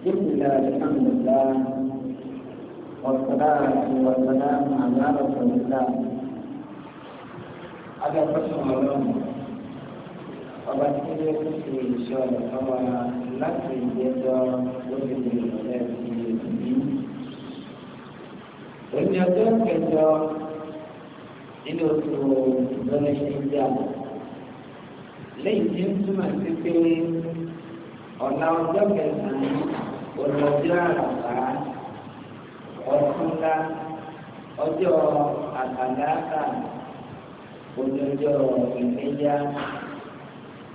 بسم الله الحمد لله والصلاة والسلام على رسول الله ada fẹsùn Ọlọ́run ọba tí ó kú sí iṣẹ́ ọlọpàá láti ìgbẹjọ lórí ìrọ̀lẹ́ ti ìlú òní ọjọ́ kẹjọ nínú oṣù lọlẹ ṣe ń lẹ́yìn tí ń túmọ̀ sí pé ọ̀la ọjọ́ kẹsàn-án ọlọ́jọ́ àràbá ọ̀túnlá ọjọ́ àkàlàkà ọjọ́jọ́ ìgbéyà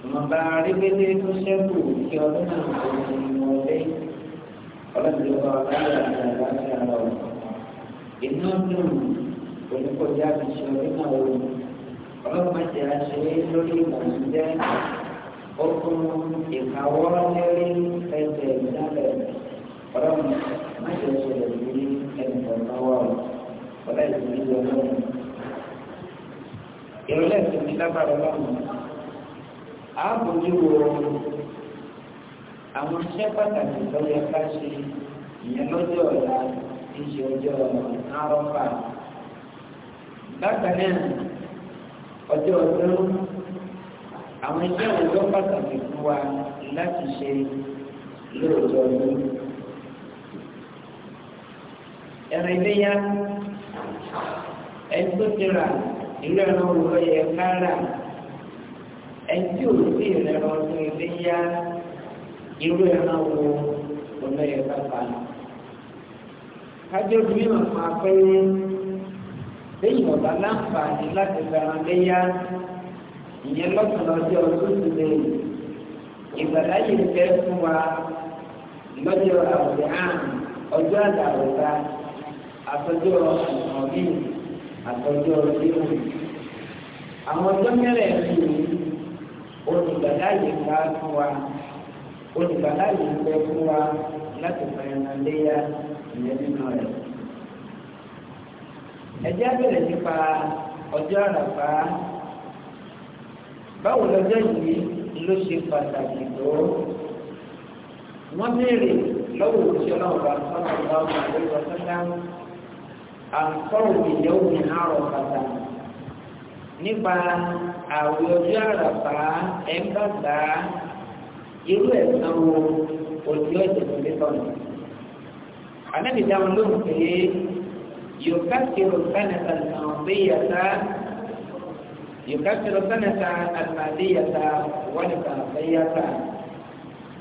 ìmọ̀ba arígbélé tó ṣẹ́kù kí ọdún náà kò ní ìmọ̀lẹ́ ọlọ́jọ́ àkàlà àgbà ní àlọ́ inú dùn oníkọjá ti ṣe ọdún náà wò ọlọ́mọdé àṣẹ lórí ìmọ̀lẹ́ okun ìkàwọ́ lérí ẹsẹ̀ ìdálẹ̀ ọlọ́run má ṣe ṣẹlẹ̀ sí ẹnì kọ̀ọ̀kan wà ó ọ̀la ìsinmi yọ lọ́run. ìrọ̀lẹ́ ìsinmi lábàrá lọ́run ààbòjú wo àwọn iṣẹ́ pàtàkì tó yẹ ká ṣe ìyẹn lọ́jọ́ ọ̀la tí í ṣe ọjọ́ àrọ́fà. bákan náà ọjọ́ ọdún àwọn iṣẹ́ wo ló pàtàkì fún wa láti ṣe lóòótọ́ ọdún. ẹ̀rọ ìléyà ẹni tó ti rà ìlú ẹ̀rọ òwúrọ̀ yẹ kára ẹni tí ò sí ìrẹ̀rọ ọdún ìléyà irú ẹ̀rọ wo òwúrọ̀ yẹ kápá. kájọ́ bí wọn máa pẹ́ lẹ́yìn ọ̀bá láǹfààní láti gbàrán léyà ìyẹn lọ́sàn-án lọ́jọ́ lóṣù lẹ́yìn ìgbàláyè ń fẹ́ fún wa lọ́jọ́ àwòrán ọjọ́ àdàwòrá àtọ́jọ́ àtọ̀bí àtọ́jọ́ ìlú. àwọn ọjọ́ mẹ́rẹ̀ẹ̀rin yìí olùgbàláyè ń bá fún wa olùgbàláyè ń fẹ́ fún wa láti fẹ́ràn léyà ìyẹn nínú rẹ̀. ẹ̀jẹ̀ bẹ̀rẹ̀ nípa ọjọ́ àràfá báwo lọ́jọ́ yìí ló ṣe pàtàkì tó wọ́n béèrè lọ́wọ́ òṣìṣẹ́ náà bá sọ́nà bá wọn àlejò sọ́nà àkọ́rò ìyẹ́wò ní àrò pàtàkì nípa àwọn ọjọ́ àràpá ẹ̀ńbàgbà irú ẹ̀sán wo òjò ìdìbò lẹ́tọ̀nù. àlẹ́ mi dáhùn lóhùn pé yorùbá ti rò sánẹ́tà náà bí yàtá yòókàtìrò sẹ́nẹ̀tà àtàdéyàtà wọ́nìkà àfẹ́yàtà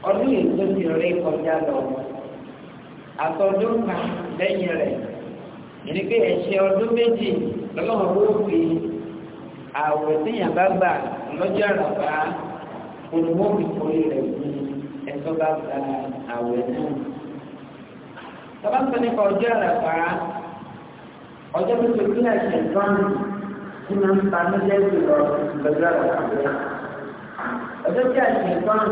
ọdún yìí tó ti rí kọjá lọ àtọ́dún kan lẹ́yìn rẹ̀ yìí pé ẹ̀ṣẹ̀ ọdún méjì lọ́lọ́run ló fi àwẹ̀ tíyàn bá gbà lọ́jọ́ àràbá olùmọ́bì kórè rẹ̀ fún ẹ̀tọ́ bá gba àwẹ̀ náà. tọ́lá sọ nípa ọjọ́ àràbá ọjọ́ tó ti rí àṣẹ ìtọ́nù tí máa ń pa nílẹ̀ jùlọ lọ́jọ́ àgbàdo. ọjọ́ tí a ṣe gbọ́n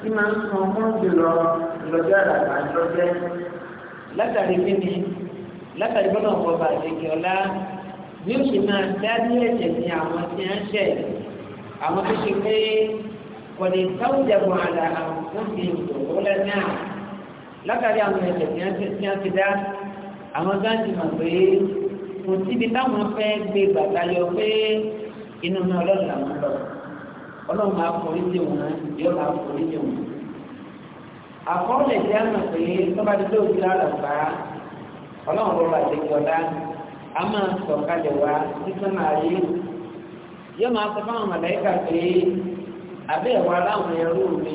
tí máa ń san fún jùlọ lọ́jọ́ àgbàdo jẹ́ látàrí kíni látàrí gbọ́dọ̀ ọ̀pọ̀ bàjẹ́kì ọ̀la ní oṣù náà dájú ẹ̀jẹ̀ ní àwọn tí a ń ṣẹ̀ àwọn tó ṣe pé kọ̀dé táwùjẹ̀bọ̀ àlà àwọn tó fi òkú lẹ́nà látàrí àwọn ẹ̀jẹ̀ tí a ti dá àwọn tó ń ti mọ̀ pé kò síbi táwọn fẹ́ gbé bàtà yọ pé inú mi ọlọ́run làwọn lọ ọlọ́run máa wọn yóò máa forí sí wọn. àkọọ́lẹ̀ jẹ́ àmọ̀ pé tọ́ba dídé òbí lára bá ọlọ́run rọrọ àdéjọ́lá a máa sọ̀kalẹ̀ wá títún yóò máa sọ fáwọn pé abẹ́ ẹ̀wọ̀ mi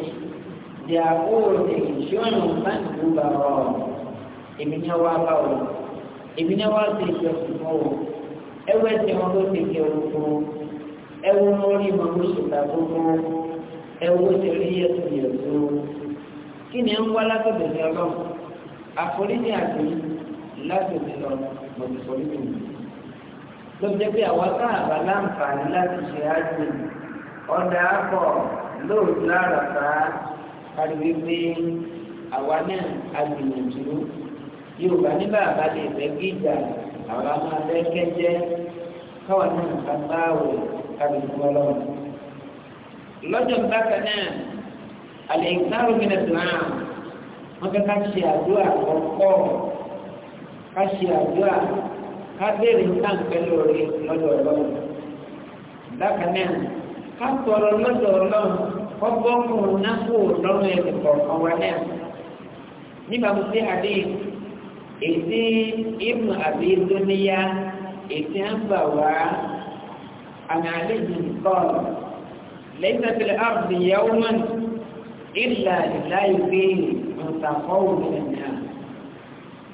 èmi ni èmi náà wá sí ìjọ ìmọ̀ wò ẹwọ́ ẹsẹ̀ wọn ló ti kẹ gbogbo ẹwọ́ lórí wọn ló ṣèta gbogbo ẹwọ́ ti rí ẹsẹ̀ yẹ̀tọ́ kí ni ẹ ń wá látọ̀dọ̀ ní ọlọ́run àforíjì àti látọ̀dọ̀ lọ mọ̀tòforíjì mi lọ́jọ́ pé àwọn káàbà láǹfààní láti ṣe ájú ọ̀dà àpọ̀ lóòótọ́ àràfà kárí wípé àwa náà agbìyànjú yorùbá nígbà àbálẹ̀ ìfẹ́ gíga àwọn ọmọ abẹ́ kẹ́jẹ́ káwọn náà ká bá wò kábi fún ọlọ́run. lọ́jọ́ bákan náà àlẹ́ ìgbàlù mìíràn náà wọ́n fẹ́ ká ṣe àdúrà kọ́kọ́ ká ṣe àdúrà ká béèrè nǹkan lórí lọ́dọ̀ ọlọ́run. bákan náà ká tọrọ lọ́dọ̀ ọlọ́run kọ́bọ́ọ̀mù náà kò lọ́rùn ẹ̀ nígbà mo ṣe àdéhùn. ìdí ibnu àbí ìdúníyá ìdí ń bà wá àmì àlejò kọ́ọ̀lù lẹ́yìn tó tilẹ̀ àrùn ìyàwó mọ́ni ìlà ìláyé pé mùsàkọ́wò nìyà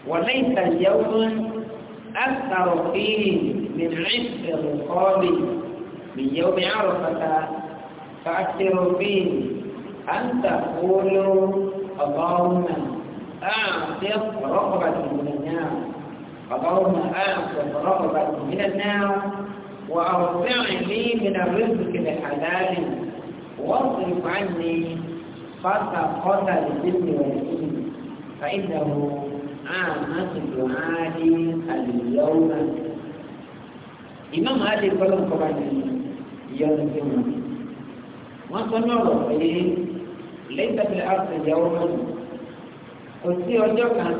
وليس اليوم أكثر فيه من عشق الرقاب من يوم عرفة فأكثر فيه أن تقولوا اللهم أعتق رغبة من النار اللهم أعتق رغبة من النار وأوسع لي من الرزق بحلال واصرف عني فسقط الجن والإنس فإنه عامة دعاء اليوم إمام هذه القلم قبل يوم الجمعة وصنع ربي ليس في الأرض يوما kò sí ọjọ́ kan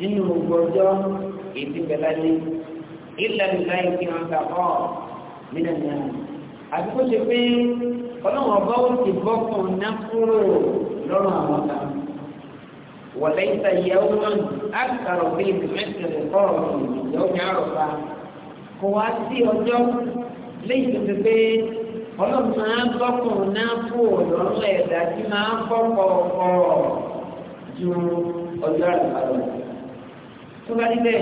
nínú gbọ́jọ́ ìdíbẹ̀láyé ilẹ̀ ìláyé kí wọ́n ta ọ́ nílẹ̀ náà àti kó ṣe pé ọlọ́run ọba ó ti bọ́ fún un ná kúrò lọ́rùn àwọn kan wọ̀lẹ́ ìta ìyàwó náà àkàrọ̀ bíi mẹ́tẹ̀rẹ̀ kọ́ọ̀rọ̀ ìyàwó ní àròpá kò wá sí ọjọ́ lẹ́yìn tó ti pé ọlọ́run máa ń bọ́ fún un ná kúrò lọ́rùn ẹ̀dá tí máa ń bọ́ kọ̀ọ̀kọ̀ọ̀ ju ọjọ́ àlùfáà lọ. tó bá níbẹ̀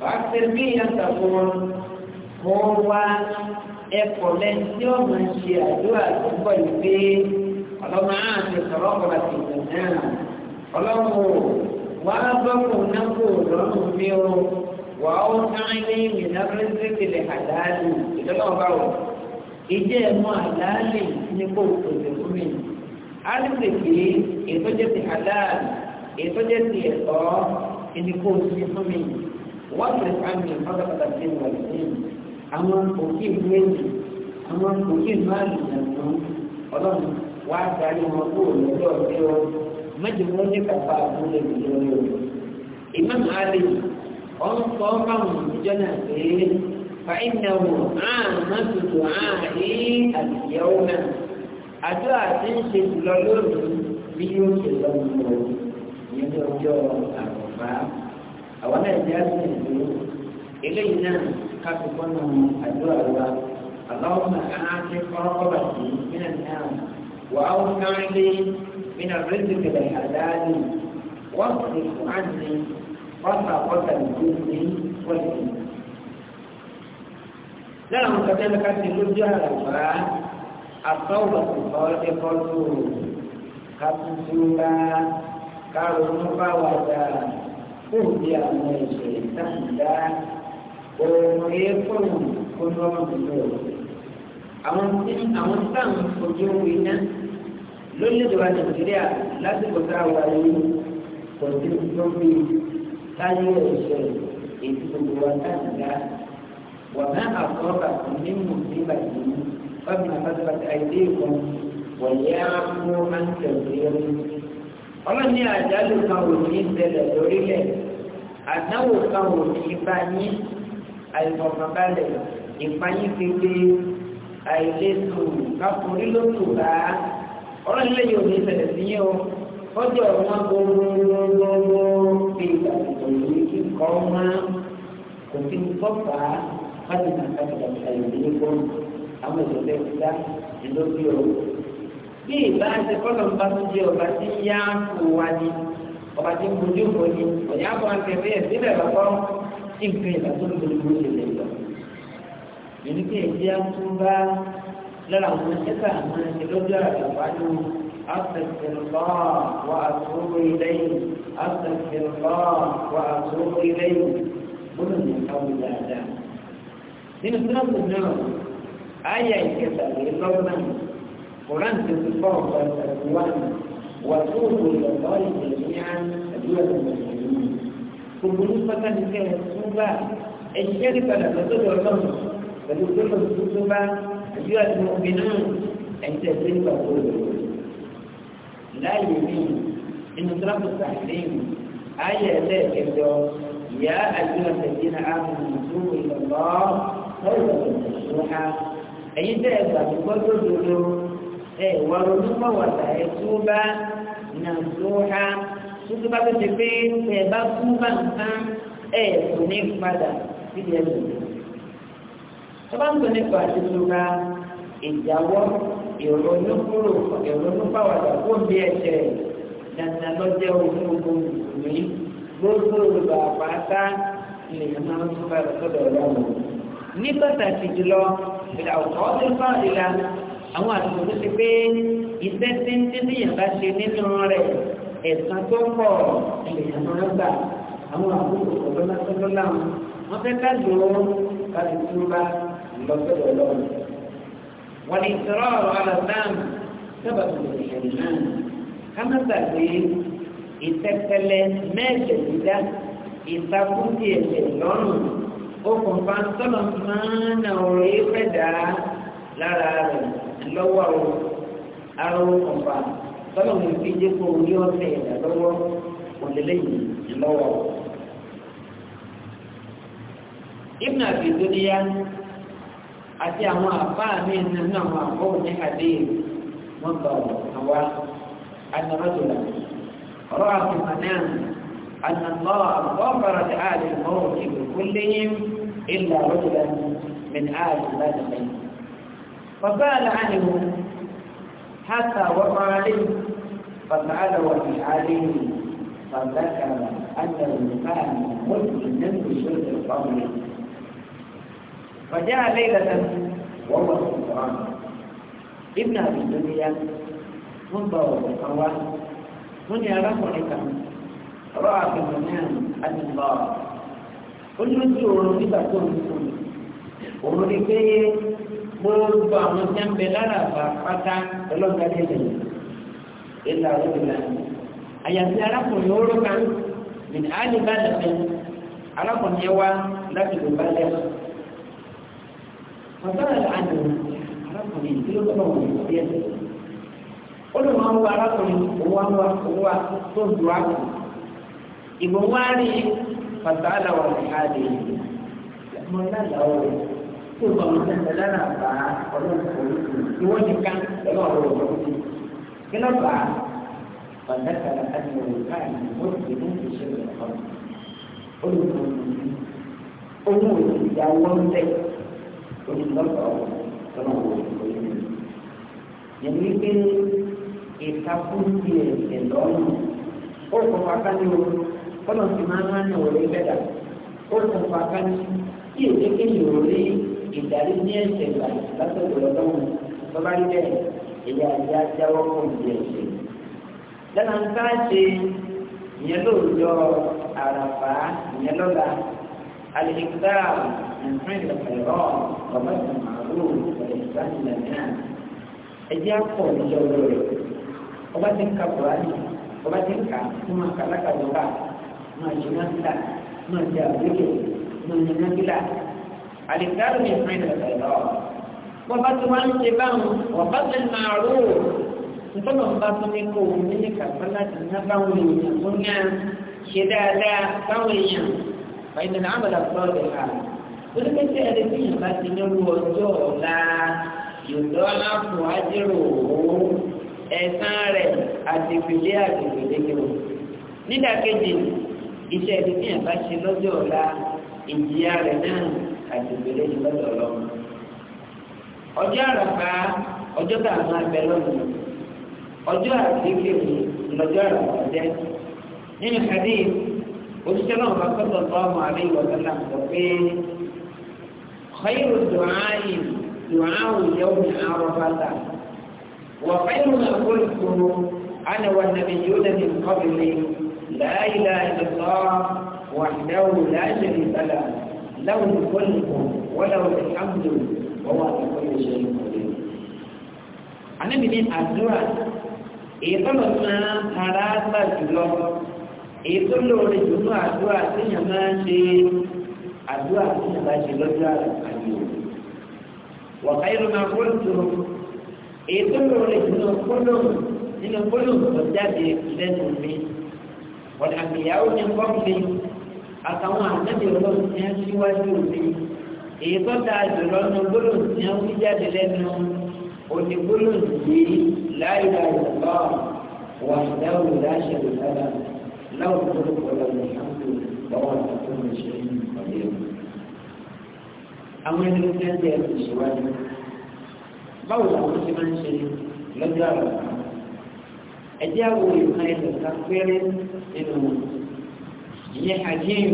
wàá ṣe bí ìyàtọ̀ fún wọn mo wá ẹ̀kọ́ lẹ́yìn tí ó máa ń ṣe àdúrà tó ń bọ̀ yìí pé ọlọ́mọ àá ti sọ̀rọ̀ ọ̀pọ̀lọpọ̀ ìgbà náà ọlọ́mọ wàá bọ́kùn náà kò lọ́rùn mi o wàá ó sáyé ní ìmìnàfẹ́ síkìlì àdáàlì ìdọ́lọ́wọ́ báwò ìjẹ́ ẹ̀mọ́ àdáàlì ní kò tòlè fún mi alìsèké ètò jẹ́ ti halal ètò jẹ́ ti ẹ̀tọ́ ìdíkò sí fún mi wọ́n ti àmì pátápátá sí wà sí àwọn òkè méjì àwọn òkè máàlì nàìjíríà ọlọ́run wá darí wọn kúrò lọ́jọ́ ọ̀dẹ́ o mẹ́jọ wọn ní kàfà àbúlé ìjọba o ìmọ̀ àlè ọ̀n sọ fáwọn ìjọ náà pé fa ìnáwó àmọ́ tuntun àárín àtìyẹ́wò náà àdúrà tí ń ṣe jùlọ lónìí bí yóò ṣe lọ nínú ìyẹn ní ọjọ́ àkọ́fà àwọn nàìjíríà sì ń lò eléyìí náà káfí fọ́nà àdúrà wa اللهم آتِ رغبتي من النار وأوسع لي من الرزق الحلال واصرف عني رفقة الجبن والإيمان. lára àwọn kẹtẹ ẹni ká ti lójú àlàfà àtọ́wọ̀tò ọdẹ kọ́tù kátútúra kárọ̀nù báwàdà fún bí àwọn ìṣẹ̀lẹ̀ ìtàkùdá òòrùn eéfóònù kó lọ́rùn lò. àwọn tí àwọn táwọn ojú ń wí náà lórílẹ̀-èdè wa nàìjíríà lásìkò tá a wà yìí kò sí lórí táyé ìṣẹ̀lẹ̀ èyí gbogbo táyà wà náà àkọ́kà kò ní sí bàjẹ́ yìí. فبما كسبت أيديكم ويعفو عن كثير ọlọ́run ní àjálù kan ò ní ìṣẹ̀lẹ̀ lórílẹ̀ àdáwò kan ò ní bá yín àìmọ̀kànbalẹ̀ ìpayín pépé àìlètò káforí ló tù bá ọlọ́run lè yóò ìṣẹ̀lẹ̀ sí yín o kọjọ wọn gbogbogbò bí ìgbàgbọ́ yìí kíkọ́ wọn kò sí tọ́ka láti nàka ìgbàgbọ́ yìí gbogbo àwọn èdè ọ̀lẹ́ ìdá ìlóbi o. bí ìbá ṣe kọ́lọ̀ ń bá tún jẹ ọba tí yá ń fò wá ní ọba tí ń bojú bò ní ọ̀yà bọ̀ ń tẹ̀lé ẹ̀ síbẹ̀ lọ́kọ́ tí nǹkan ìgbà tó ń bojú bò ṣe lè lọ. èmi kì í bá lọ́la àwọn ẹ̀ka àwọn ẹ̀ṣẹ̀ lọ́jọ́ àgbàdo أستغفر الله وأتوب إليه أستغفر الله وأتوب إليه بلن من قول الله nínú sílẹ̀kùn náà آية كتاب قرآن 34 وتوبوا إلى الله جميعا أيها المسلمون بالنسبة لكي التوبة أن يجب أن تدعو الله فلتدعو التوبة أيها المؤمنون أن تسلم قلوبهم لا يمين إن طلب التحريم آية ذاك يا أيها الذين آمنوا توبوا إلى الله توبة نصوحا ẹ̀yin tẹ́ ẹ gbàgbọ́ tó dodo ẹ wà ronú pọ̀wọ̀tà ẹ tó bá nà tó ha tó tó bá tó ti pé ẹ bá kú bá nǹkan ẹ kò ní padà síbi ẹ lòdì. tó bá ń tó nípa àtúntò bá ìjáwọ́ ìrònú kúrò ìrònú pọ̀wọ̀tà kó bí ẹ̀ṣẹ̀ dandan lọ́jọ́ òfin gbogbo mi gbogbo olùgbà pátá lè máa ń fún bá ìtọ́jú ọ̀dọ́ wọn. ní pàtàkì jùlọ ìlà ọ̀tọ̀ ti fà ìlà àwọn àtúntò tó ti pé iṣẹ́ tí ń tí tí yàrá ṣe nínú rẹ̀ ẹ̀sán tó pọ̀ èèyàn máa gbà àwọn àbúrò ọ̀dọ́lá tọ́jọ́ láwọn wọ́n fẹ́ ká lò ó láti túbá lọ́sọ̀rọ̀ lọ́wọ́ wọ́n ní ìṣòro ọ̀rọ̀ alàdáàmù sábà lọ́rùn okùnfà tọ́lọ̀ máa ń nà ọ̀rọ̀ yìí fẹ́ dà á lára rẹ̀ lọ́wọ́ o ara okùnfà tọ́lọ̀ mi fi jẹ́ kó orí ọ̀sẹ̀ ẹ̀dá lọ́wọ́ òlélẹ́yìn lọ́wọ́ o. Ibn Abi Dunya àti àwọn àbá mi nínú àwọn àbọ̀wò ní àdé wọn gbà àwa àtàwọn tó lọ. ọ̀rọ̀ àfihàn náà أن الله غفر لآل الموت كلهم إلا رجلا من آل بدر فسأل عنه حتى وقع عليه فسأله عن حاله فذكر أنه كان مسلما بشرك القبر فجاء ليلة وهو سكران ابن أبي الدنيا منظر وقوى من له لكم راغب عن الله olùdókòwò òrùn nígbà tó ń kú ni òrùn ni pé gbogbo àwọn tí ń bẹ lára àgbà pátá ọlọ́gbàdé lẹ́yìn ìlà òrùlà àyàfi arákùnrin oró kan ní àlìbálẹ̀ arákùnrin yẹn wá láti lè bá lẹ́wọ̀ ọ̀sán àdùn arákùnrin tí ó tọ̀ wọ̀ sí ẹ̀sẹ̀ ó lè máa ń wọ arákùnrin òun wá ìmọ̀ wá rí fàtàlà wà ní àdé ìmọ̀ lálẹ́ ọ̀rọ̀ tó bá wọn tẹ̀lé lánà bá ọlọ́run kò ní kù ní wọ́n ti ká lọ́wọ́ ọ̀rọ̀ ọ̀rọ̀ ti kí ló bá fàtàkàrà àti ọ̀rọ̀ káàdì ó ti mú ìṣẹ̀lẹ̀ ọ̀rọ̀ olùkọ́ owó ìyàwó ń bẹ̀ olùlọ́sọ̀ tọ́nà wò ó yẹ. Yẹn ní pé ìtakùn ti kọ́nà sì máa ń rán ní òwúrọ̀ ìgbẹ́dà ó sọ fún akáni tí èdè kéyìn ò rí ìdarí ní ẹ̀sẹ̀ gbà lásìkò lọ́dọ́rùn tó bá rí bẹ́ẹ̀ èyí àjá jáwọ́ kò ní ẹ̀sẹ̀. lẹ́nà ń ká ṣe ìyẹn lóòjọ́ àràfà ìyẹn lọ́la alìkítà ìfún ìlọ̀pẹ̀rọ̀ ọ̀bẹ̀sẹ̀ màálù ìfẹ̀lẹ̀ ẹjẹ́ àpọ̀ ìjọ lórí ọba ti ń ka bùrọ̀ ọba ti ń kà fún àkàlàkà lọ́ba máa ṣe náfìlà máa ṣe àgbékè máa ṣe náfìlà àlìkárò ní ìfún ìdàgbà ìlọ wọn bá ti máa ń ṣe báwọn wọn bá ti máa rò ó nítorí wọn bá tún ní kó o ní ní kàfá láti ná báwọn èèyàn tó ní à iṣẹ́ ibi tí yẹn bá ṣe lọ́jọ́ ọ̀la ìjìyà rẹ̀ náà àti ìgbèlè ní lọ́dọ̀ ọlọ́run. ọjọ́ àràbà ọjọ́ tá a máa bẹ lọ́nà ọjọ́ àtìkéwì lọ́jọ́ àràbà jẹ́. nínú kàdé òṣìṣẹ́ náà bá kọ́tọ̀ tó ọmọ àlẹ́ ìwọ̀sánná sọ pé khayru du'a'i du'a'u yawmi arafata wa khayru ma qultu ana wan nabiyyuna min qabli لا إله إلا الله وحده لا شريك له له الخلق وله الحمد وهو على كل شيء قدير Ànábì ní àdúrà èyí tó lọ máa tara gbà jùlọ èyí tó lóore jùlọ àdúrà téèyàn máa ń ṣe àdúrà téèyàn bá ṣe lọ́jọ́ àyè wọ̀ká yìí máa kó tó èyí tó jùlọ kólóhùn nínú kólóhùn tó jáde lẹ́nu mi ọ̀dà àgbéyàwó ní kọ́ọ̀fì àtàwọn ànábì ọlọ́run ní aṣíwájú òbí èyí tó dáa jùlọ ní gbólóhùn ní wí jáde lẹ́nu òní gbólóhùn yìí láì ra ìwà wà dáwò láṣẹ ìdára láwùjọ ọ̀dà mùsùlùmí lọ́wọ́ àtàkùn ìṣẹ́yìn ìpàdé àwọn ẹni tó ń tẹ́ ẹ̀ ṣèwádìí báwo làwọn ti máa ń ṣe lọ́jọ́ àlọ́ ẹjẹ́ àwọn ìkan ẹ̀sẹ̀ káfẹ́rẹ́ nínú wọn ìyẹn hakim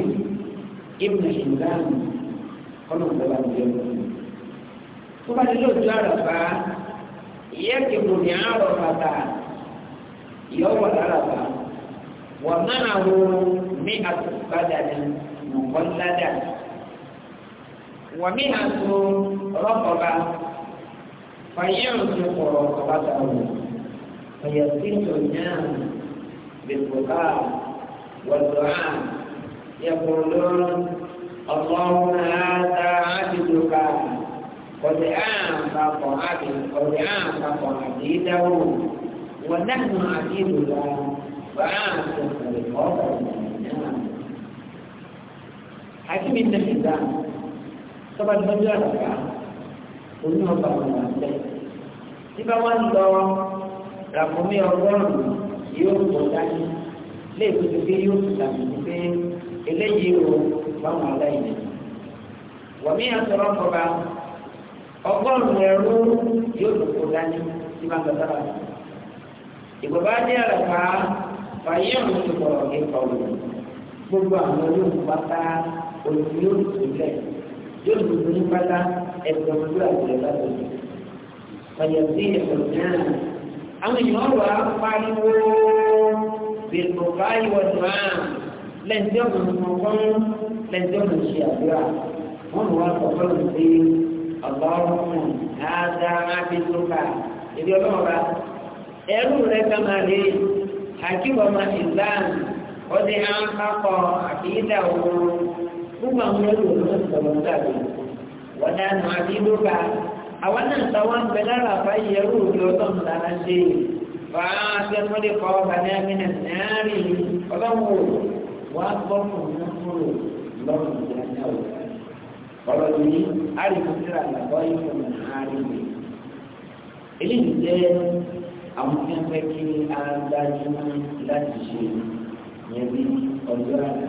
ibn himdan ọlọ́mọdébà ìjọ tó bá nílò ojú àràfà ìyẹ́ kìbò ní àárọ̀ bàbà ìyọ́wọ̀ àràfà wà máa wo ní àtúbádà ní mọ̀kànládà wà mí àtú rọ́pọ̀ba fàyẹ̀ òṣèpọ̀ ọ̀bá tàwọn. فيصيح الناس بالبكاء والدعاء يقولون اللهم هذا عبدك قد أنفق عبد قد أنفق عبيده ونحن عبيدك فأنفق بالقدر حكيم النحيزان طبعا مجالك قلنا بقى من الناس إذا وان ràkúnmí ọgọ́rùn-ún yóò tó dání léèkó tó gbé yóò tó dání pé eléyìí o báwọn aláìní. wàmí àtọ̀rọ̀ kọba ọgọ́rùn-ún ẹrú yóò tó kó dání tí máa tọ́ sára. ìgbọ̀bá dé àràpá fàyè ọ̀hún ti pọ̀ ẹ̀kọ́ wò gbogbo àwọn olóògùn pátá olùkú yóò tó lẹ̀ yóò tó lórí pátá ẹ̀dọ̀gbọ̀dọ̀ àti ẹ̀dọ̀gbọ̀dọ̀ àwọn èèyàn wà á pariwo bèèrè báyìí wọ́n ti máa lẹ́yìn tí ọ̀nà ọ̀gbọ́n lẹ́yìn tí ọ̀nà ṣe àdúrà wọ́n mú wa sọ fún mi pé ọ̀gbọ́n àádá àbísọ́kà èdè ọlọ́ọ̀ra ẹrú rẹ̀ kama lè àkíwọ̀mà islam ọdẹ àǹkàkọ àkìyídà òun gbogbo àwọn ẹrú rẹ̀ sọ̀rọ̀ sábẹ̀ wọ́n dáná àbísọ́kà àwọn náà táwọn ń bẹ lára àbáyé ẹrú òbí ọlọ́run dáná ṣe fàá tí a mọ́lẹ̀ kọ́ ọ̀bàdàn àmìnà náírì ọlọ́run wò wá gbọ́ fún un fúnrò lọ́rùn ìdáná wò ọ̀rọ̀ yìí àrùn síra làbọ́ ìfọ̀nà àárín mi. eléyìí jẹ́ àwọn tí wọ́n fẹ́ kí a láti ṣe yẹn bí ọjọ́ àná.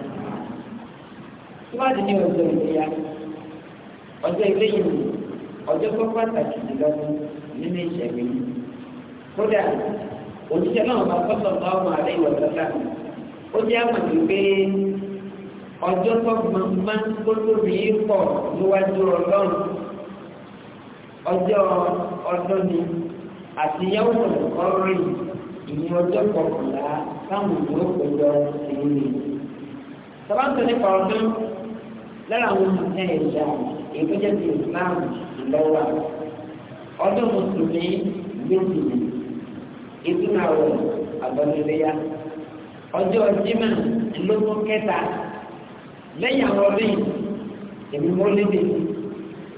tí wọ́n ti ní ọjọ́ ìléyà ọjọ́ ìléyìí ọjọ́ tó pàtàkì jùlọ nínú ìṣẹ̀lẹ̀ yìí. kódà òṣìṣẹ́ náà bá tọ́tọ̀ bá ọmọ àlẹ́ ìwọ̀ sọ́tà ó jẹ́ àmọ̀tí pé ọjọ́ tó máa ń gbólóbi pọ̀ níwájú ọlọ́run ọjọ́ ọdún ni àti yàwó ọ̀rìn ìyẹn ọjọ́ kọkànlá táwọn ìlú òkòjọ ìlú mi. sábà ń tẹ̀lé pàrọ̀ lára àwọn ẹ̀yà ètò jẹ́ ti Islam ìlọ́wà ọdún mùsùlùmí méjì ìtúnà rẹ̀ àgbọ̀nìlẹ́yà ọjọ́ jimá lógún kẹta lẹ́yìn àwọn ọdún èmi mọ́lẹ́dì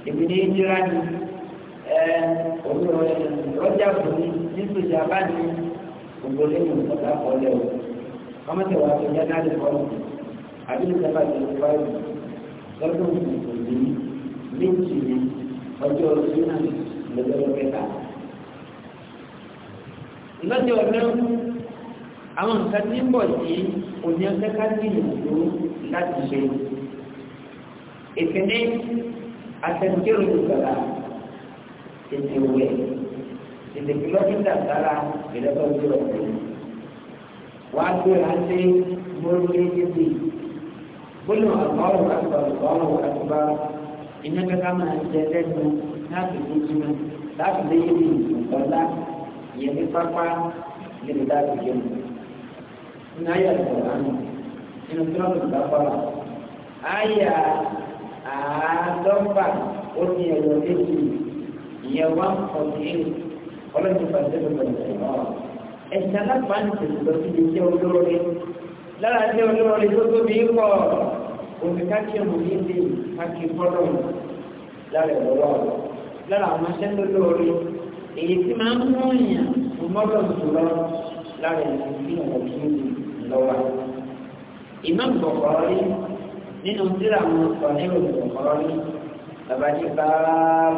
èmi ní ìdíra ni rọ́jà bùnmi nítorí abáni ògbólé ní ìpàdé àkọọ́lẹ̀ o kọ́mọ́tì wà lóyún náà lè kọ́ ọ́ àbí nígbà bá ti kọ́ ọ́ lọ́dún mùsùlùmí méjì ní ọjọ́ sínú lọ́jọ́ kẹta. lọ́jọ́ náà àwọn nǹkan tí ń bọ̀ sí òní ọjọ́ káàkiri ìlú láti ṣe. ìkíní àtẹnudẹ́rù ìgbàlá ètò ìwé ètò kìlọ́mítà sára ìlẹ́tọ́jú ọ̀gbìn. wàá gbéra sí mọ́rúlé yébì. gbólóhùn àgbáwò àgbà àgbáwò àgbà iná kẹta máa jẹ lẹ́nu láti tuntun láti lé yìí ọ̀la ìyẹn ní pápá níbi láti yẹ mu. nínú ayé àgbà lánà nínú tí wọ́n lò lápá rà ayé àádọ́fà ó ní ẹ̀rọ méjì ìyẹn one forty eight ọlọ́dún pàṣẹ pẹ̀lú ẹ̀rọ ẹ̀sìn alápá ní tẹ̀síwọ́sí lè jẹ́ olóore lára jẹ́ olóore tó tóbi pọ̀ òní kákìrù níbi kákì fọ́lọ̀ lára ìlọ́wọ́ lára àwọn aṣẹ́ lórí orí èyí tí máa ń mú èèyàn fún mọ́lọ̀ jùlọ lára ìlú tí ọ̀rọ̀ tó ń lọ́wọ́ ìmọ̀ gbọ̀gbọ̀ rí nínú tíra àwọn ọ̀pọ̀ nínú gbọ̀gbọ̀ rí bàbá ti bá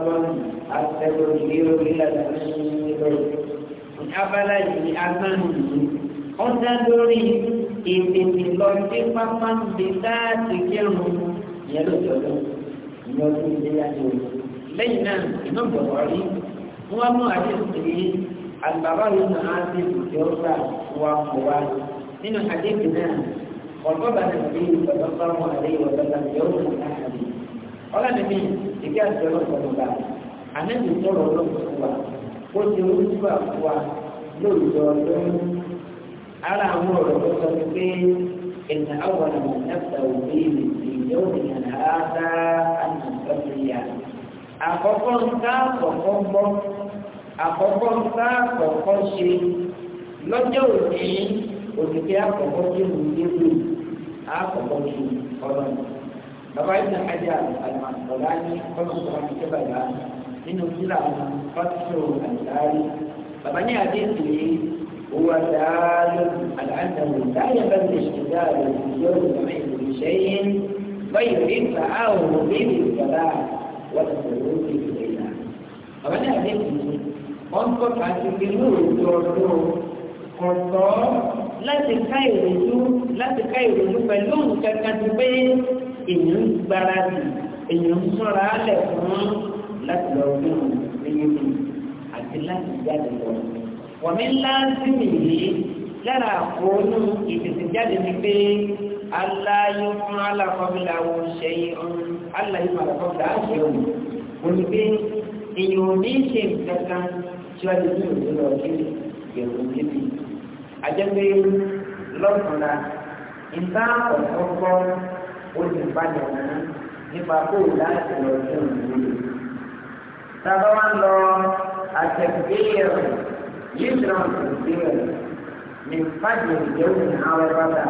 bọ́ọ̀lù àtẹ́gbọ̀n ìlú orí lára ìlú orí abala yìí agbánu yìí ọ̀dá lórí ìlú ìpèsè lọ sí pápá ń di láti kírun yẹn lójoojúmọ́ ìyẹn ọdún ilé láti wò lẹ́yìn náà iná bọ̀wọ̀ rí wọ́n mú àdéhùn yìí àgbàbá yìí nà á ti tòkè ọgbà wa kọ̀ wá nínú àdéhùn náà ọ̀dọ́ bá nà bí ìgbàgbọ́ bá wọn àdéhùn ọ̀dọ́ bá yọ̀ ọ́ ọlọ́ni mi ìgbé àti ọlọ́pàá ọ̀gá àmẹ́bí sọ̀rọ̀ ọlọ́pàá على àwọn ọ̀rọ̀ tó sọ pé ìnà àwọn ọmọ nẹ́fẹ̀ òbí mi ti yóò ní àlàáfà àmì ìtọ́síyà. àkọ́kọ́ nǹka àkọ́kọ́ gbọ́ àkọ́kọ́ nǹka àkọ́kọ́ ṣe lọ́jọ́ òní òṣìṣẹ́ àkọ́kọ́ tí mo yé lò àkọ́kọ́ ṣe ọ̀rọ̀ mi. bàbá ìgbà ajá àlùmọ̀tòlá ní kọ́sùkọ́ àti bàbá nínú sílà wọn fásitì àlùdárí bàbá ní àdéhùn yìí هو دال على أنه لا ينبغي الاشتغال بالوجود المحيط بشيء غير ينفعه به الكلام والتسلط إليها. أولا هذه wọ́n kọ́ àti ìlú ìjọ̀dọ̀ ọ̀tọ̀ láti ká ìròyìn láti ká ìròyìn pẹ̀lú nǹkan kan ti pé èèyàn ń gbáradì èèyàn ń sọ́ra álẹ̀ fún láti lọ rí èèyàn àti láti jáde lọ. wọ̀mí ńlá sí mi yìí lára àkóónú ìfèsìjáde ni pé aláyọ̀ fún alákọ̀ọ́bílà wọn ṣe ọ̀run aláyọ̀ fún alákọ̀ọ́bílà ṣe ọ̀run mo ní pé èyàn ò ní ṣe nǹkan kan síwájú ní òde lọ sí èrò níbi àjẹpẹ́ láti lọ sí òde. lọ àtẹ̀gbé ẹ̀rọ. يشرب الدول من فضل اليوم على الربع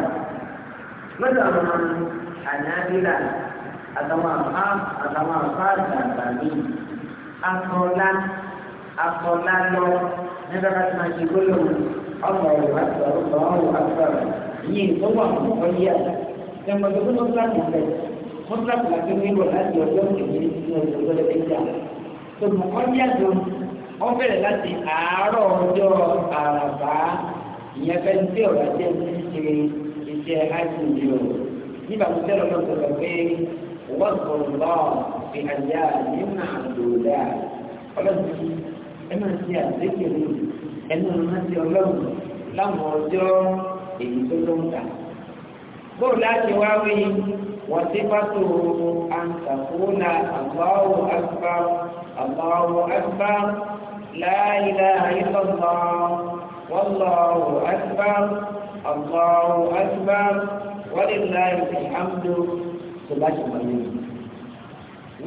مثلا حنابلة أتما خاف أتما خاف أتامي أقولا أقولا لو نبغت ما يقولون الله أكبر الله أكبر يي طبعا مخيّة لما تقول مطلق مخيّة مطلق لكن يقول هذا يوم يجب أن يكون ثم مخيّة wọ́n bẹ̀rẹ̀ láti àárọ̀ ọjọ́ àràbá ìyẹn fẹ́ tí ọ̀rọ̀ àti ẹni ṣe iṣẹ́ ájúdì o nígbà tó tẹ́lọ̀ náà sọ̀rọ̀ pé wọ́n sọ̀rọ̀ lọ́ọ̀ fi àjà nínú àdòdà ọlọ́dún ẹ máa ṣe àdékèrè ẹnu rántí ọlọ́run láwọn ọjọ́ èyí tó ló ń kà. bóòlù láti wá وصفته أن تقول الله أكبر الله أكبر لا إله إلا الله والله أكبر الله أكبر ولله الحمد سبحانه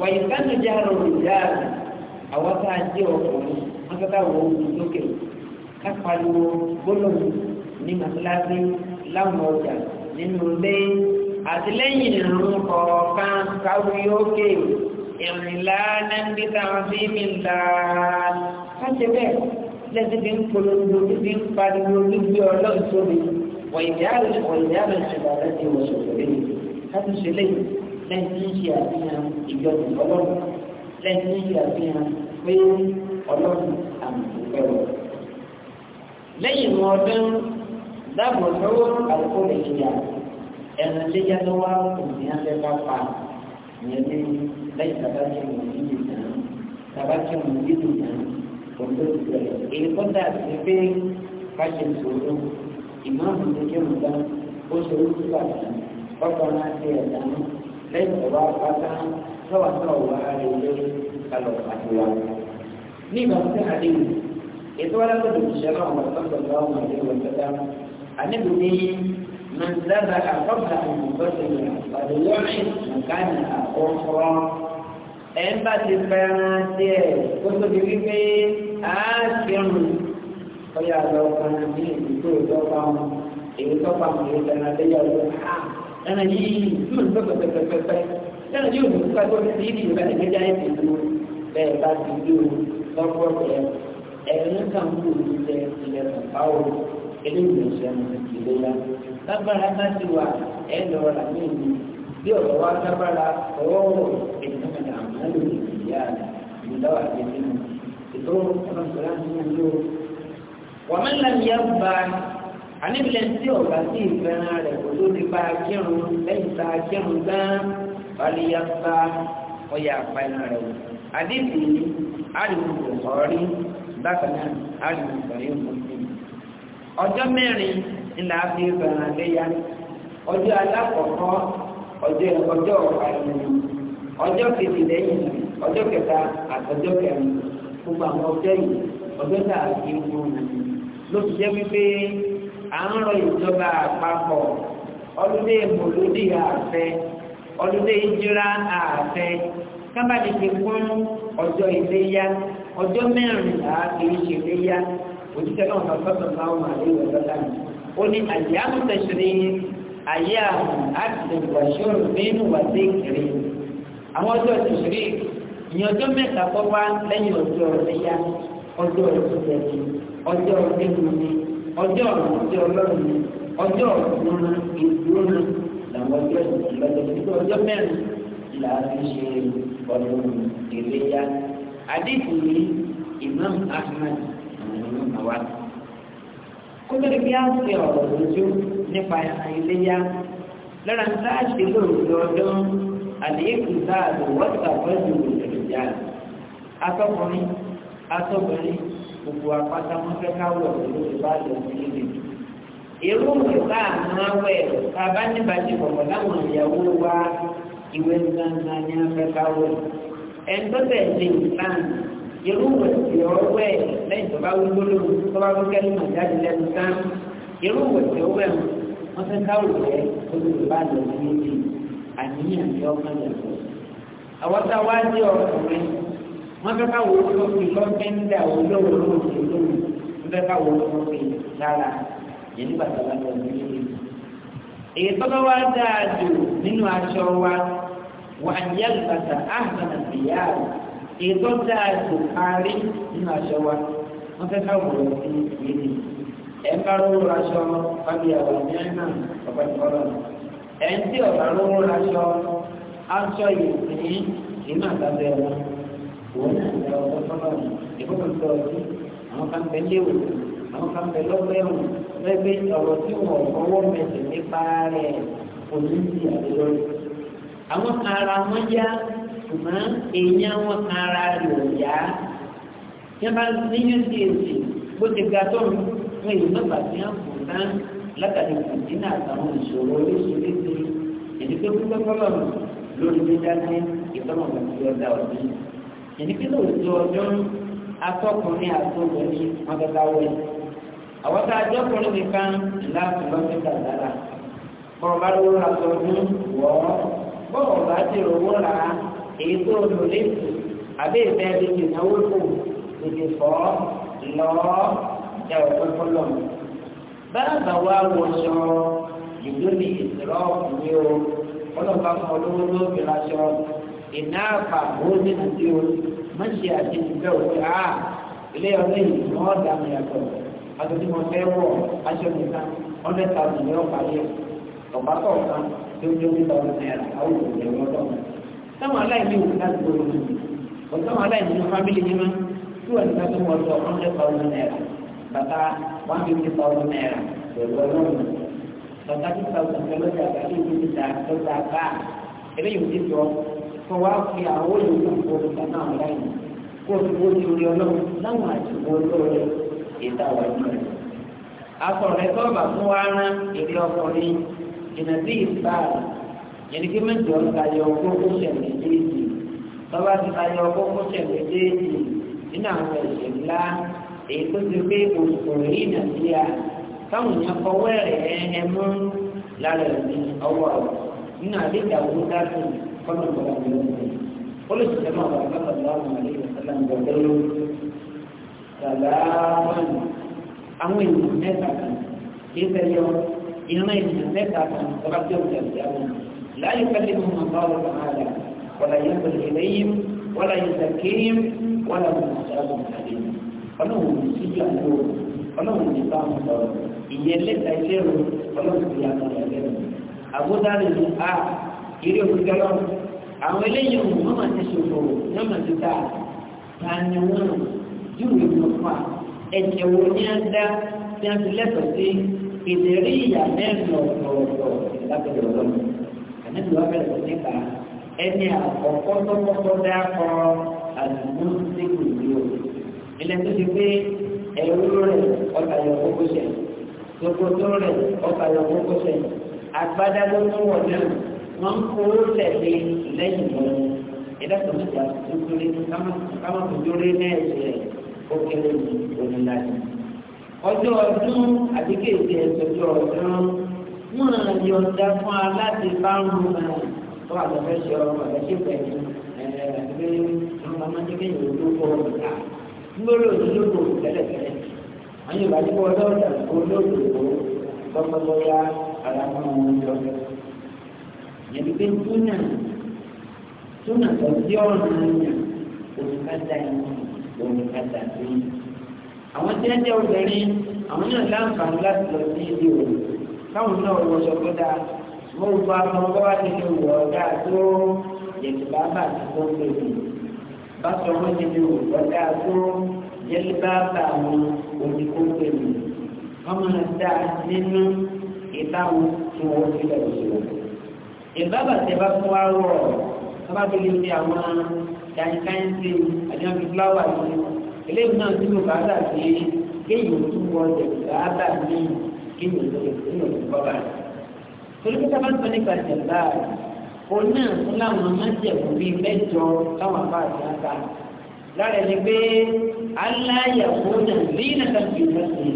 وتعالى جَهْرُ جهر الرجال أو تهجره أكثر وجودك كفلوا بلهم ní masalasi láwọn ọjà nínú ilé àtìlẹ́yìn ìrún kọ̀ọ̀kan káwí ókè ìrìnlá nẹ́ndítà sí mi láàá láti bẹ́ẹ̀ lẹ́sí bí ń polongo bí ń pariwo gbígbé ọlọ́run tóbi wọ̀ ìyáàlù ìṣẹ̀lẹ̀ ti wọ̀ ṣòfòrè láti ṣe lẹ́yìn lẹ́yìn tí ń ṣe àfihàn ìjọsìn ọlọ́run lẹ́yìn tí ń ṣe àfihàn pé ọlọ́run àmì lẹ́yìn ọdún dáàbò lọ́wọ́ àlùkò ẹnu léyà ló wá kù ní abẹ́ bá pa ìyẹn ní lẹ́yìn bàbá tí mo ní yìí tán bàbá tí mo ní yìí tán kò tó tẹ̀. èyí kọ́ dà sí pé ká ṣe sòrò ìmáàmù tó kí mo dá ó ṣe ó ti wà tán ọkọ̀ náà ti ẹ̀ dáná lẹ́yìn ọ̀wá pátá lọ́wọ́ náà wà á lè lé kalọ̀ àti wà. ní ìgbà tó tẹ̀ àdéhùn ètò alágbèdè ìṣẹ́ náà wà lọ́sọ̀tọ̀ àwọn من ذبح قبل أن يبتل فليعد مكان أخرى ẹn bá ti fẹ́ràn sí ẹ̀ kó tó di wípé á kírun ọyà lọ kan ní ìdúgbò ìtọ́pá wọn èyí tọ́pá wọn èyí fẹ́ràn sí yàrá ìlú ha ẹnà yìí yóò ní pẹ́pẹ́ pẹ́pẹ́pẹ́ ẹnà yóò ní pẹ́pẹ́ ti di ìdílé láti gbéjà ẹ̀ tìlú bẹ́ẹ̀ bá ti di o lọ́pọ̀ ẹ̀ ẹ̀rín kan kú mi ìlera tábàrà bá ti wà ẹ lọ rà mí ni bí ọ̀rọ̀ wa tábàrà ọ̀rọ̀ ìtàkàdà àmàlò ìyá ìdáwà tẹ̀lé mi ètò ọ̀rọ̀ sọ̀rọ̀ àti wọn lò. wàá mẹ́lá ni yá ba àníbilẹ̀ tí ọ̀gá sí ìfẹ́ràn rẹ̀ kò tó ti bá a kírun lẹ́yìn tá a kírun gán balẹ̀ yá ba ọ̀yà àpáyán rẹ̀ wò. àdébìí àdìmọ̀ kò sọ̀rí bákan náà àdìmọ̀ sọ̀rí ọjọ́ mẹ́rin ńlá fi bẹ̀rẹ̀ léyà ọjọ́ alákọ̀ọ́kọ́ ọjọ́ ọjọ́ ọ̀pàlù ọjọ́ kejì ọjọ ọjọ́ kẹta àtọjọ́ kẹrin gbogbo àwọn ọjọ́ yìí ọjọ́ tà kí n fún ló ti wípé à ń rọ ìjọba kábàdì ti ọjọ́ ọjọ́ náà ó ní àyàmù tẹ̀sírí àyàmù àtìwàṣọ́ nínú wà sí kiri àwọn ọjọ́ tẹ̀sírí ìyẹn ọjọ́ mẹ́ta kọ́ wá lẹ́yìn ọjọ́ ẹ̀yà ọjọ́ ìṣẹ̀lẹ̀ ọjọ́ ìṣẹ̀lẹ̀ ni ọjọ́ ìṣẹ̀lẹ̀ ọlọ́run ni ọjọ́ ìṣẹ̀lẹ̀ ìdúró ni làwọn ọjọ́ ìṣẹ̀lẹ̀ ọjọ́ ọjọ́ mẹ́rin là á fi ṣe ọdún ìléyà àdìsí Imam Ahmad àwọn ọmọ náà wá kó tó kí á ṣe ọ̀rọ̀ lójú nípa iléyá lọ́ra ń tá àṣe lóòrùn ọdún àdéhùn sáàdù wọ́tàwọ́dù ìrìnjà atọ́kùnrin atọ́kùnrin gbogbo apáta wọn fẹ́ káwọ̀ lórí ìbáàdọ̀ nílé èrò ìgbà àmọ́wẹ̀ bàbá níbàjẹ́ pọ̀pọ̀ láwọn ìyàwó wa ìwé ńláńlá ní afẹ́ káwọ̀ ẹ̀ ń ìlànà irú wòsì ọwọ́ ẹ̀ lẹ́yìn tó bá wúgbó lóru tó bá wú kẹ́lí mà jáde lẹ́nu tán irú wòsì ọwọ́ ẹ̀ wọ́n fẹ́ ká òwò ẹ̀ olùdó bá lọ sí méjì àníyàn ní ọkàn yàtọ̀. àwọn tá a wá dé ọkùnrin wọ́n fẹ́ ká wò ó tó fi lọ́gbẹ́ nílẹ̀ àwọn olówó lóòótọ́ lóru wọ́n fẹ́ ká wò ó tó fi dára yẹn nígbà tó bá lọ sí méjì. èyí ètò dáa tó parí nínú aṣọ wa wọ́n fẹ́ ká wọ̀ ọ́ sí ìwé ni ẹ̀ ń bá rówó aṣọ fábí àwọn mìíràn náà ọ̀pá ti fọ́lọ́ ẹ̀ ń tí ọ̀bà rówó aṣọ aṣọ ìsìn ìmọ̀ àtàbẹ̀ wọn òun náà ń lọ ọ̀pá fọ́lọ́ ìfowópamọ́ tó ọtí àwọn kan bẹ léwu àwọn kan bẹ lọ́gbẹ̀rún lẹ́gbẹ́ ọ̀rọ̀ tí wọ́n fọwọ́ ṣùgbọ́n èèyàn wọn kan ara rẹ̀ ò yá yẹn bá níyú sí èsì bó ti ga tó ń fún èyí mọ́gbà tí wọ́n kù tán látàrí kùdínà àtàwọn ìṣòro oríṣiríṣi èdè tó kú lọ́kọ́lọ́ lórí dídá sí ìtọ́nà àti ọ̀dà ọ̀dún èdè tó lòótọ́ ọjọ́ atọ́kùnrin àtọ́kùnrin wọn kẹta wẹ̀ àwọn tá a jọ kùnrin nìkan láti lọ́kẹ́ta dára bọ́ọ̀ bá lówó ra wọ́ bọ́ọ̀ bá ti rówó ra èyí tó lò lẹ́sù àbẹ́ ìfẹ́ lójú ìnáwó kù lójú fọ́ lọ́ ẹ ọ̀pẹ́ fọlọ́ bàbá wa wọṣọ ìlú ní ìṣòro ọkùnrin o ọlọ́pàá kan olówó ló fi raṣọ ìná àpàbò nínú tí o má ṣe àti ìfẹ́ òfin a ilé ọ̀rẹ́ yìí ni wọ́n dà mí yàtọ̀ aṣọ tí mo fẹ́ wọ̀ aṣọ nìkan hundred thousand ní ọ̀pá yẹn ọ̀pá kọ̀ọ̀kan tí ó dé ní ọdún náírà àwọn òṣèlú ọlọ́run táwọn aláìní wò láti gbogbo mi ọ̀táwọn aláìní ní fámìlì yìí máa tí wọ́n ti ká tó wọ́n lọ hundred thousand naira bàtà one fifty thousand naira pẹ̀lú ọlọ́run bàtà two thousand pẹ̀lú ọjà àgbàdo ìdíje ta lọ́jà àgbà eléyìí ti sọ kó wá fi àwọn olùkọ́ ìfowópamọ́ sánà aláìní kó o ti wọ́n ti rí ọlọ́run láwọn àtìkò olóore ìta wà ní rẹ̀ akọ̀rẹ́ tọ́ọ̀bà fún wa rán ìlú ọkùnrin ìnàdí ìbáà yẹn eh, ni pé mẹ́jọ ń tayọ ọgbọ́n kó ṣẹ̀ méjèèjì tọ́ba ti tayọ ọgbọ́n kó ṣẹ̀ méjèèjì nínú àwọn ẹ̀ṣẹ̀ ńlá èyí tó ti pé òṣùpọ̀ yìí nàìjíríà táwọn èèyàn fọwọ́ ẹ̀rẹ̀ ẹ̀ mú lára ẹ̀mí ọwọ́ rẹ̀ nínú àdéjà owó dáàbò fọ́nà ìgbàlá mi lọ́wọ́ olùsọ̀tẹ̀ máa wà lọ́sọ̀ láwọn àlejò sọ́lá ń bọ̀ lọ́wọ́ sàlámù àwọn èèyàn mẹ́ta kan kì í fẹ́ yọ ìran èèyàn mẹ́ta kan tọ́ba tí ó ń tẹ̀lé àwọn èèyàn لا يكلمهم الله تعالى ولا ينظر إليهم ولا يزكيهم ولا هم عذاب أليم فلهم نسي النور فلهم نظام الدور ìyẹn lẹ́ta iṣẹ́ rẹ̀ ọlọ́run ti yàtọ̀ ẹ̀rẹ́ rẹ̀ àbúdárì ní a ìrí òkúta lọ àwọn eléyìí òun wọ́n máa ti ṣòfò wọ́n máa ti ta ta ni wọ́n júwèé wọn pa ẹ̀jẹ̀ wo ni a dá tí a ti lẹ́tọ̀ọ́ sí ìdérí ìyá mẹ́rin ọ̀tọ̀ọ̀tọ̀ lábẹ́rẹ́ ọlọ́run ànábì wa bẹ̀rẹ̀ sí ká ẹni àkọ́kọ́ tọ́kọ́tọ́ dákọ́ àdúgbòsíkù yìí o ilẹ̀ tó ti pé ẹ̀rú rẹ̀ ọ̀tàyọ̀ kókó sẹ̀ tòkòtò rẹ̀ ọ̀tàyọ̀ kókó sẹ̀ agbádá ló ń wọ̀ náà wọ́n ń kó tẹ̀lé lẹ́yìn lọ́wọ́ ìdájọ́ ìjà tuntun káwọn tuntun rí náà ṣe ó kéré ní onílànà ọjọ́ ọdún àbíkèjì ẹ̀sọ́jọ́ ọdún máa yọ̀ǹda fún aláti bá ń tó wà lọ́fẹ́ ṣe ọmọ rẹ̀ ṣe pẹ̀lú ẹ̀ẹ́dẹ́gbẹ́ àwọn ọmọdé méjì ló kọ́ ọ̀gá ńlọ́rọ̀ olóògbò tẹ́lẹ̀tẹ́lẹ̀ wọ́n yóò bá ti kọ́ ọlọ́ọ̀dà olóògbò lọ́kọ́lọ́yà àlàmọ́ ọmọ ọjọ́ yẹ̀bi pé túnà túnà tó ti ọ̀nà ẹ̀yà òmìnkàtà ẹ̀yìn òmìnkàtà ẹ̀yìn àwọn tí obìnrin àwọn náà láǹfààní láti lọ sí ilé òòlù káwọn náà wọ sọ̀tọ̀ dáa mo ń fa ọmọ bàbá ti ní wọ̀ dáa tó yẹ̀tùbá bà ti tó ń bèbè bá sọ wọ́n ti ní wọ̀ dáa tó yẹ̀tùbá bà mi òní kó ń bèbè ọmọ dáa nínú ìbáwọn tí wọ́n fi lọ sí wọn. ìbábà tẹ bá fún wa wọ̀ bàbá tó lè fi àwọn dáńkáńtì àjọyọ̀ fúláwà yìí eléyìí náà tí mo bá dà sí kéyìí tó wọ yẹ̀tùbá bà mí kí wò ló kí wò ló bọ́ba rẹ̀. torí pé sábà ń sọ nípa ìjàmbá òun náà fún láwọn májèmú bíi mẹ́jọ táwọn bá àti àgbà lára ẹni pé aláyàwó náà lílà tàbí ìlọsìn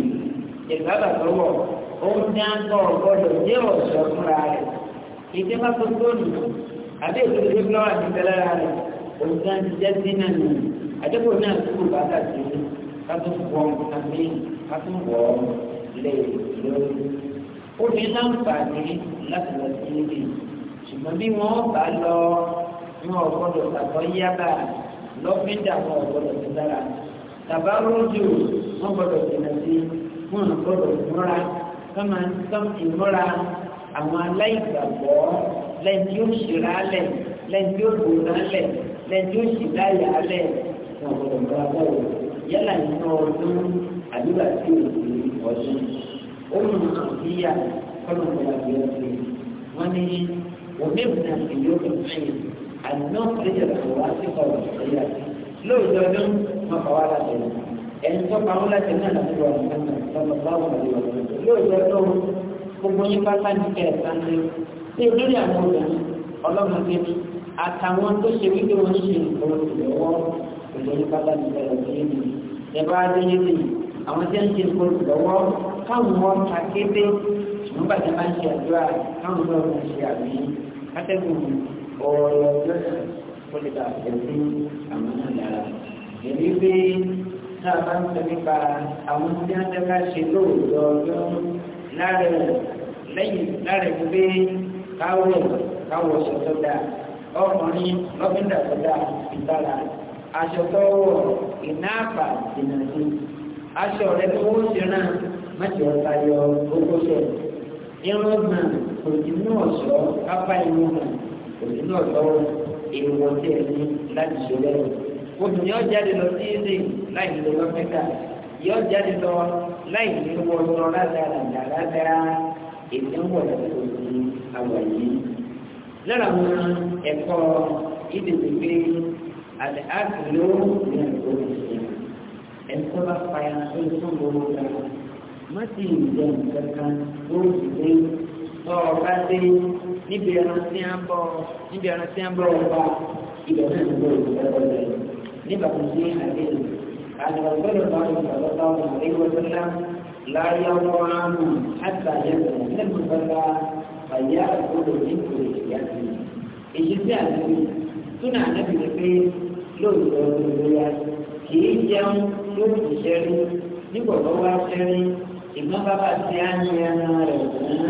ìjàmbá tọwọ́ òun ní àgbọ̀ gbọ́dọ̀ jẹ́ ọ̀ṣọ́ fúnra rẹ̀ ìdí bá tó tóònù àbí ìdílé tó lọ́wọ́ àti tẹ́lára rẹ̀ òun náà ti jẹ́ sí náà nù àdébò náà tó kù bàtà sí i ká tó wọ̀ ọ́ lẹ́yìn lórí. ó ní láǹfààní láti lọ sí níbi ṣùgbọ́n bí wọ́n bá lọ wọn ò gbọ́dọ̀ tàbọ̀ yábà lọ́fíńdà wọn ò gbọ́dọ̀ ti dára tàbá rọ́jò wọn gbọ́dọ̀ jìnnà sí wọn ò gbọ́dọ̀ múra kọ́mà ń tán ìmúra àwọn aláìgbàgbọ́ lẹ́yìn tí ó ṣèrà lẹ̀ lẹ́yìn tí ó gbòòrà lẹ̀ lẹ́yìn tí ó ṣì láyà lẹ̀ wọn gbọ́dọ̀ gbọ́dọ̀ yálà nínú ọdún àdúrà tí ò ọdún ohun àbíyá kọ́nà ìgbàgbé ọ̀sẹ̀ wọ́n ní òmìnira ìlú òfin àná ìjọba àwọn àtìkọ ìgbàgbé lóòótọ́ ọdún wọn kọ́ wá láti ẹ̀ ẹni tó pa wọn láti náà láti wà nígbà náà lọ́wọ́ báwọn àdìwọ̀ lóòótọ́ ọdún gbogbo yín bá ní kẹ́ ẹ̀ sáńdé ṣé lórí àwọn obìnrin ọlọ́run ti ní àtàwọn tó ṣe wípé wọ́n ṣe ìkọlù ìlú yín bá ní kẹ́ ẹ̀ sáńdé ẹ̀ bá dé yé lè yìí àwọn tí ń ti kó lọ́wọ́ káwọn wọn ta kéde nígbà tí wọ́n ṣe àdúrà káwọn náà wọ́n ṣe àmì kátẹ́gùn ọ̀rọ̀ lọ́sẹ̀ kó lè bá ẹ̀sìn àwọn náà lára. èmi pé tá a bá ń sọ nípa àwọn tí wọ́n ti ká ṣe lóòótọ́ ọdún lára lẹ́yìn lára pé káwọ̀ káwọ̀ ṣọ̀tọ̀ dáa ọkùnrin lọ́gbìndà tó ìtara aṣọ tó ìnáàpà ìnàdí aṣọ rẹ tó wọ́n ti rán mẹ́tì ọ̀tá yọ gbogbo sọ irun gbọ̀n òdì náà sọ kápá irun gbọ̀n òdì náà sọ èèwọ̀ tí ẹ ní láti ṣe lẹ́yìn obìnrin yóò jáde lọ sí ilé láì lè lọ mẹ́ta yóò jáde lọ láì lè wọ lọ ládàá ládàá èdè ń wọ̀ lọ́sọ̀ ní àwọ̀ yìí lára àwọn ẹ̀kọ́ ìdìbò pé àti àkùnrin ní àgbọ̀n ìṣẹ̀lẹ̀ ẹ̀ńtọ́ bá fàyà tó ń tún lówó ga má sì ń jẹ nǹkan kan ó sì dé tọ́ ọ bá dé níbi ẹran tí a ń bọ̀ níbi ẹran tí a ń bọ̀ ọba ìbẹ̀ náà ń bọ̀ ìbẹ̀rẹ̀ rẹ̀ nígbà tó ṣe àdéhùn àdìgbàgbọ́dọ̀ bá ń sọ̀rọ̀ bá wọn àríwọ́dọ́lá láyé ọmọ àmì àtàyẹ̀wò lẹ́gbẹ̀ẹ́gbẹ̀ta fàyà àgbọ̀dọ̀ nípò ìyàtì èyí tí àdéhùn túnà àdébìnrin pé lóòótọ́ ló yá sí kìí jẹun yóò fi ṣẹ́rí nígbà tó wá ṣẹ́rí ìgbọ́n bàbá ti á ní ẹran rẹ̀ fún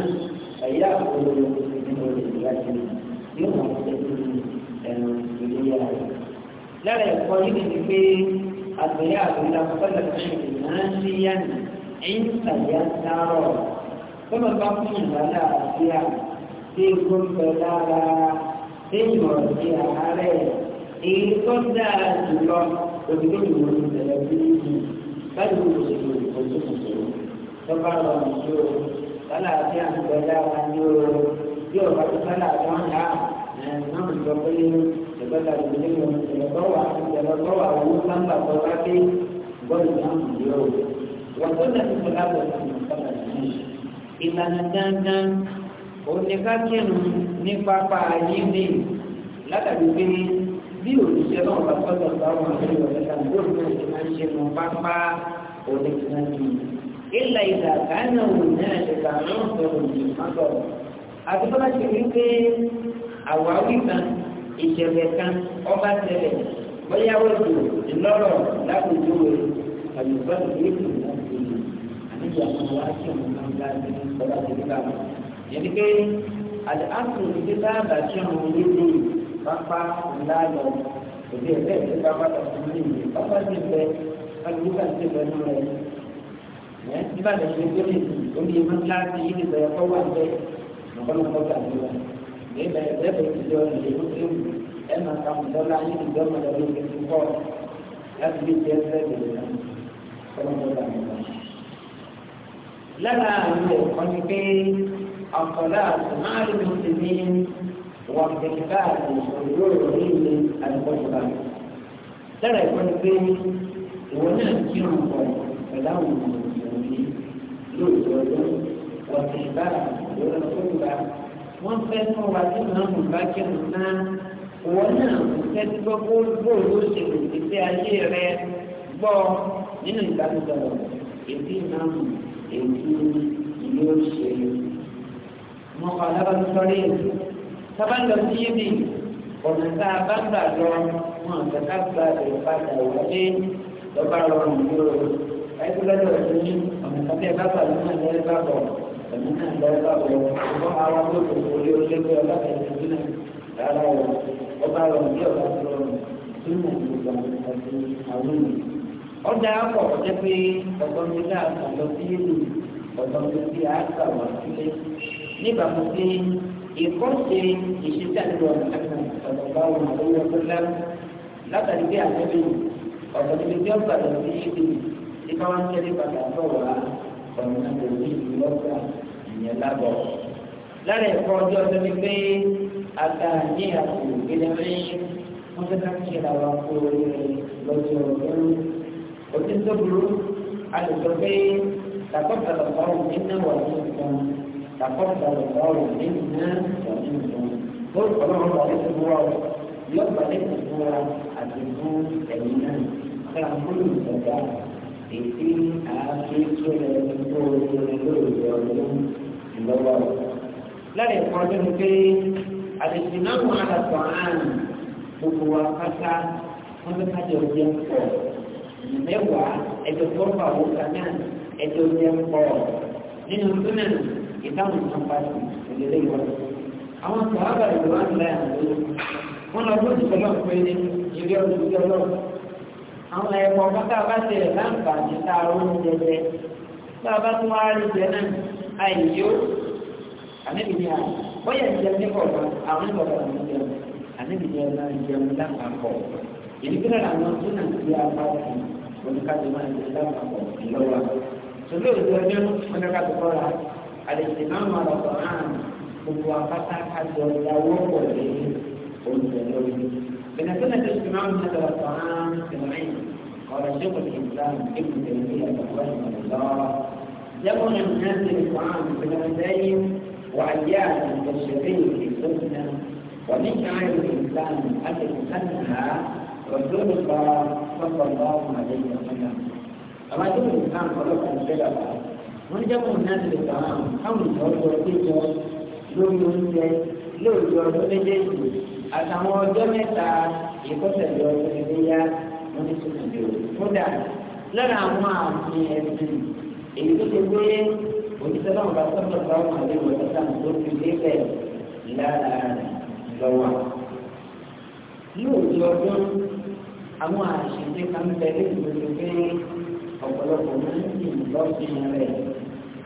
ẹ̀yà òkúrò ìdìbò ìgbàjì yóò wọ́n ṣe sí ẹran ìléyà rẹ̀. lára ẹ̀kọ́ yìí ni pé àgbẹ̀yà àgbẹ̀yà fọ́lẹ̀ fún ìmọ̀-án-sí-yànnì ẹ̀yìn tàyà sáárọ̀ tọ́lọ̀ bá fún ìbálà àti à tí egbò ń lára tí ìmọ̀ sí àárẹ̀ èyí tó dáa jùlọ òdìgbò tó wọ́n ti tẹ̀lé bí i yìí láti wọ́n ti tẹ̀lé òdìgbò tó kù tó lọ́ba lọ sí o sálà àti àgbẹ̀dá wa ní o bí ọba tó sálà àti wọn dà náà ń sọ pé ìgbàgbà ìdílé wọn ìjọba ìjọba wà owó sáńgbà tó wá dé gbọ́dọ̀ náà ń yọ o wọ́n tó lẹ́nu tó lábọ̀ ìlànà ìlànà dandan òun ní pápá yìí ní ládàbí pé bí òṣìṣẹ́ náà bá sọ́dọ̀ sáwọn àti ìwọ̀lẹ́ta lórí náà ti máa ń ṣe wọn pápá òní ti máa ń bí. ilà ìgbà kánà òun náà ti gbà náà sọ̀rọ̀ yìí má bọ̀. àti bọ́lá ti rí pé àwáwí kan ìṣẹ̀lẹ̀ kan ọba tẹ̀lẹ̀ bóyá wọ́pọ̀ ìlọ́rọ̀ láwùjọ rẹ̀ àbí bọ́lá ti rí pé àníyàn wọn wá sí ọ̀nà pápá ńlá lọ òbí ẹgbẹ́ ìlú pápá lọ sí ní ìlú pápá ní ìfẹ́ alùpùpù ti bẹ nù rẹ ẹ nígbà tó ṣe tó lè di omi ìmọ̀ kíláàsì yìí ti bẹ̀rẹ̀ kọ́wọ́ ẹgbẹ́ lọ́kọ́lọ́kọ́ tàbí wọn èyí bẹ̀rẹ̀ bẹ́ẹ̀ bẹ̀rẹ̀ ti jọ ìlú tó ti wù ẹ máa ka mọ̀ dọ́là yìí ti dọ́mọ̀ lọ lórí ti kọ́ láti lè jẹ́ ẹsẹ̀ bẹ̀rẹ̀ lọ́kọ́lọ́kọ́ tàbí wọn. lára àwọn ẹ̀kọ́ ni pé ọ̀pọ̀lọpọ̀ máa ń lò واستكفاء الحضور من الخطبة ترى يكون بين ونأتيهم فلهم المسلمين lóòótọ́ ọ̀sẹ̀ ìbára lọ́dọ̀ tó ń bá wọ́n fẹ́ fún wa tí wọ́n mú bá kírun náà wọ́n náà fẹ́ tí gbọ́ kó bóòlù ṣe lè ṣe ayé rẹ gbọ́ nínú ìbánisọ̀rọ̀ èdè náà èdè ìlú ṣe. mo kọ́ alábàtúntọ́rí èdè sábà lọ sí ibi ọ̀nà tá a bá gbà lọ wọn àti ká gba ẹ̀rọ padà wọlé lọ́ba rọrùn yóò ẹ̀kú lọ́dọ̀ ọ̀dọ́ ní ọ̀nà tàbí ẹ̀bá bà lọ́nà lọ́rẹ́ bá bọ̀ ọ̀nà náà lọ́rẹ́ bá bọ̀ ọ̀pọ̀ ara tó kò wọlé olé pé ọba bẹ̀rẹ̀ sí náà rárá o ọba rọrùn bí ọba tó rọrùn tó nà gbogbo àwọn àti àwọn ènìyàn. ọjà akọ ọjọ pé ọgbọn ìkọ́sí ìṣiṣẹ́ àdúgbò ọ̀nàmọ́ ọ̀dọ̀gbà ọ̀nà owó ọ̀dọ́lá látàrí bí àtẹ́bí ọ̀dọ̀ níbi tí ó gbàdọ̀ sí ibi tí káwọn ń tẹ́lẹ̀ padà bọ̀ wá ọ̀nà òbí ìlọ́gbà ìyẹn lábọ̀. lára ẹ̀kọ́ ọjọ́ ọjọ́ ni pé ata ní àpò ìgbéléwé wọ́n fẹ́ ká kíra wa kó lọ́jọ́ ọdún. òtítọ́ burú alùpùpù pé tàkọ́tà lọ́pàá òun ní náà wà تقبل الله منا ومنكم قل اللهم بارك الله yóò balẹ̀ fún wa àti fún ẹ̀yìn náà kí a fún ìgbàgbà èyí àáké tó lẹ tó lórí lórí ọdún ìlọ́wọ́. lẹ́yìn kan tó ń pé àdìsí náà wọn àdàpọ̀ àrùn gbogbo wa pátá wọn bẹ kájọ jẹ pọ̀ mẹ́wàá ẹ̀jọ̀ tó fà wọ́n kan ẹ̀jọ̀ jẹ pọ̀ nínú túnẹ̀ ìdáhùn ìjọba ìṣẹ̀lẹ̀ ìwọ̀n. Àwọn sọ̀rọ̀ ìlú wà ní láyà lórí. Wọ́n lọ bó ti sọ́lọ́ pé ní ilé ọdún ìjọ lọ. Àwọn ẹ̀kọ́ pátá bá ti rẹ̀ láǹfààní tá a rún jẹjẹ. Tá a bá tún wá rí jẹ náà, àìyó. Àníbi ni à, ó yẹ ìjẹ ní kọ̀ọ̀kan, àwọn ìkọ̀ọ̀kan ní jẹun. Àníbi ni ẹ̀rọ ìjẹun lápapọ̀. Ìdíkúrẹ̀ làwọn tó nà sí apá ọ̀sán, oníkàtí máa ń jẹ lápapọ̀ ìlọ́wà. Sọlá ìjọ àlèsìmáàmù àlọ́kọ̀ọ́hán gbogbo apáta àjọ ìyàwó pọ̀lẹ́ oúnjẹ lórí. بنفسنا في اجتماع من القرآن سمعين قال شيخ الإسلام ابن تيمية رحمه الله يكون الناس في بلغتين وأيام كالشفيع في السنة ومن شعائر الإسلام التي سنها رسول الله صلى الله عليه وسلم. أما دون الإسلام خلق الشرف wọ́n jẹ́ mọ̀ láti lè bá àwọn ìjọ́jọ́ péjọ lórí oúnjẹ lóòjọ́ ọdún méjèèjì àtàwọn ọjọ́ mẹ́ta ìkọ́sẹ̀lẹ̀ ọdún ìléyà wọ́n ti tún ìdè kódà lọ́dọ̀ àwọn àmì ẹ̀sìn èyí tó ti gbé òṣìṣẹ́ náà bá sọ́tọ̀ bá wọn àlẹ́ ìwọ̀n sáà tó fi lébẹ̀ lára lọ́wọ́. lóòjọ́ ọdún àwọn àṣìṣe kan bẹ̀rẹ̀ ìgbòho pé ọ̀pọ̀lọpọ̀ máa ń sìn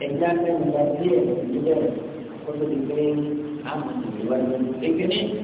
ẹja fẹ́ nígbà díẹ̀ níbẹ̀ kó tó di pé àmọ̀ ìwádìí ẹgbẹ́ ní.